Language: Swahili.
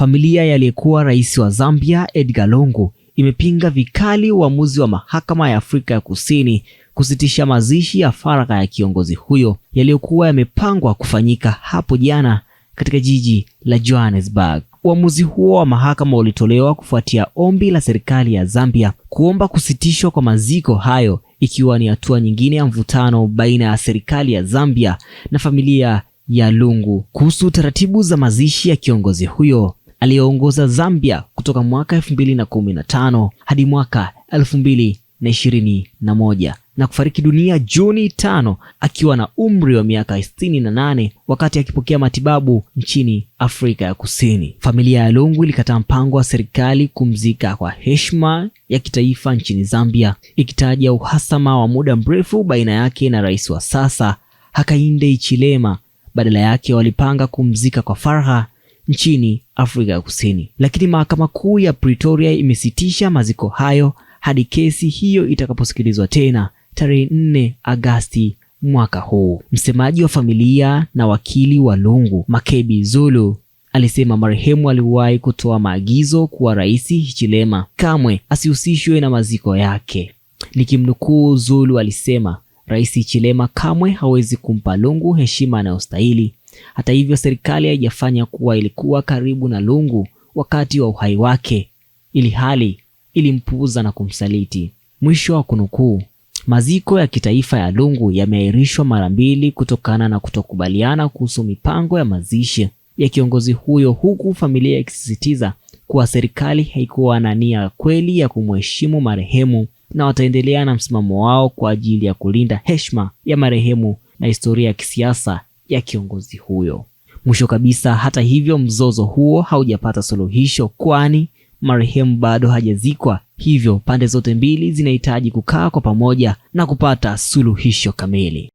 Familia ya aliyekuwa rais wa Zambia Edgar Lungu imepinga vikali uamuzi wa mahakama ya Afrika ya Kusini kusitisha mazishi ya faragha ya kiongozi huyo yaliyokuwa yamepangwa kufanyika hapo jana katika jiji la Johannesburg. Uamuzi huo wa mahakama ulitolewa kufuatia ombi la serikali ya Zambia kuomba kusitishwa kwa maziko hayo, ikiwa ni hatua nyingine ya mvutano baina ya serikali ya Zambia na familia ya Lungu kuhusu taratibu za mazishi ya kiongozi huyo aliyeongoza Zambia kutoka mwaka 2015 hadi mwaka 2021 na kufariki dunia Juni tano akiwa na umri wa miaka 68 wakati akipokea matibabu nchini Afrika ya Kusini. Familia ya Lungu ilikataa mpango wa serikali kumzika kwa heshima ya kitaifa nchini Zambia, ikitaja uhasama wa muda mrefu baina yake na rais wa sasa Hakainde Hichilema. Badala yake walipanga kumzika kwa faraha nchini Afrika ya Kusini, lakini mahakama kuu ya Pretoria imesitisha maziko hayo hadi kesi hiyo itakaposikilizwa tena tarehe 4 Agasti mwaka huu. Msemaji wa familia na wakili wa Lungu Makebi Zulu alisema marehemu aliwahi kutoa maagizo kuwa Rais Hichilema kamwe asihusishwe na maziko yake. Nikimnukuu, Zulu alisema Rais Hichilema kamwe hawezi kumpa Lungu heshima anayostahili hata hivyo, serikali haijafanya kuwa ilikuwa karibu na Lungu wakati wa uhai wake, ili hali ilimpuuza na kumsaliti. Mwisho wa kunukuu. Maziko ya kitaifa ya Lungu yameahirishwa mara mbili kutokana na kutokubaliana kuhusu mipango ya mazishi ya kiongozi huyo, huku familia ikisisitiza kuwa serikali haikuwa na nia kweli ya kumheshimu marehemu na wataendelea na msimamo wao kwa ajili ya kulinda heshima ya marehemu na historia ya kisiasa ya kiongozi huyo. Mwisho kabisa, hata hivyo, mzozo huo haujapata suluhisho, kwani marehemu bado hajazikwa, hivyo pande zote mbili zinahitaji kukaa kwa pamoja na kupata suluhisho kamili.